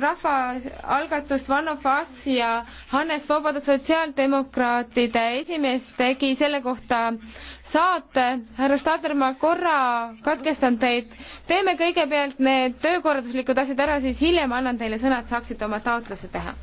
rahvaalgatust Vanno Fass ja Hannes Vabada sotsiaaldemokraatide esimees tegi selle kohta saate. härra Stadler, ma korra katkestan teid. teeme kõigepealt need töökorralduslikud asjad ära, siis hiljem annan teile sõna, et saaksite oma taotluse teha.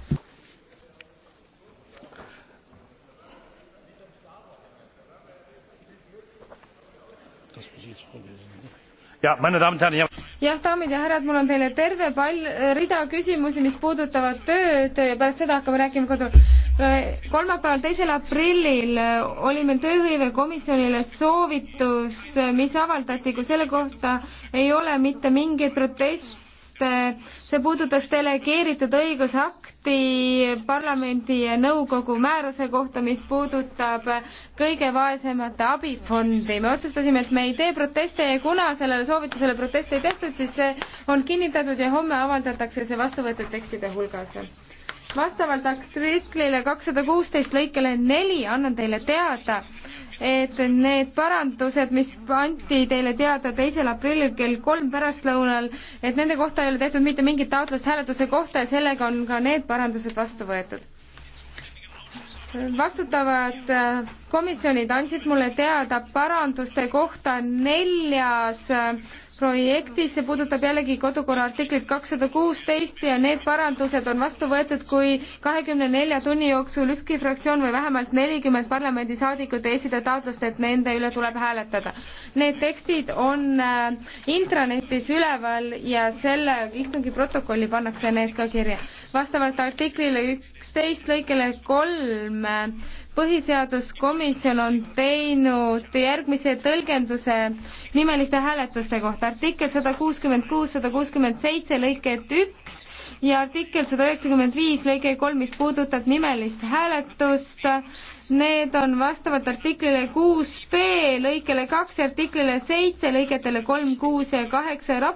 ja meine Damen und Herren, ich habe jah, daamid ja härrad, mul on teile terve pall, äh, rida küsimusi, mis puudutavad tööd ja pärast seda hakkame rääkima kodu. Äh, kolmapäeval, teisel aprillil äh, oli meil tööhõivekomisjonile soovitus, mis avaldati, kui selle kohta ei ole mitte mingeid proteste, Eh, see puudutas delegeeritud õigusakti parlamendi ja nõukogu määruse kohta, mis puudutab kõige vaesemate abifondi. me otsustasime, et me ei tee proteste ja kuna sellele soovitusele proteste ei tehtud, siis see on kinnitatud ja homme avaldatakse see vastuvõetud tekstide hulgas vastavalt artiklile kakssada kuusteist lõikele neli annan teile teada, et need parandused, mis anti teile teada teisel aprillil kell kolm pärastlõunal, et nende kohta ei ole tehtud mitte mingit taotlust hääletuse kohta ja sellega on ka need parandused vastu võetud. vastutavad äh, komisjonid andsid mulle teada paranduste kohta neljas äh, projekti, see puudutab jällegi kodukorra artiklit kakssada kuusteist ja need parandused on vastu võetud, kui kahekümne nelja tunni jooksul ükski fraktsioon või vähemalt nelikümmend parlamendisaadikut ei esita taotlust, et nende üle tuleb hääletada. Need tekstid on äh, intranetis üleval ja selle istungi protokolli pannakse need ka kirja. vastavalt artiklile üksteist lõikele kolm põhiseaduskomisjon on teinud järgmise tõlgenduse nimeliste hääletuste kohta. artikkel sada kuuskümmend kuus, sada kuuskümmend seitse lõiket üks ja artikkel sada üheksakümmend viis lõige kolm, mis puudutab nimelist hääletust. Need on vastavalt artiklile kuus B lõikele kaks ja artiklile seitse lõigetele kolm, kuus ja kaheksa